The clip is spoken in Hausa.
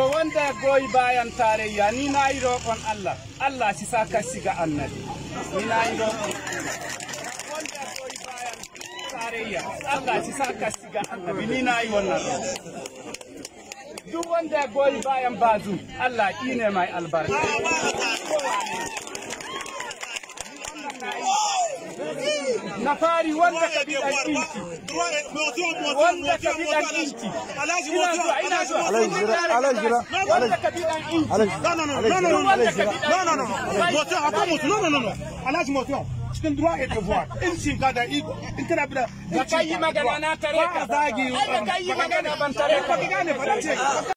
to wanda ya goyi bayan tarayya ni na yi roƙon Allah Allah shi sa ka shiga annabi ni na yi roƙon wanda goyi bayan tarayya Allah shi sa ka shiga annabi ni na yi wannan duk wanda ya goyi bayan bazu Allah ne mai albarka nafari wanda ka bi dan wanda ka bi dan cikin in da in kana bi da magana na tare ka zagi magana ban tare ka gane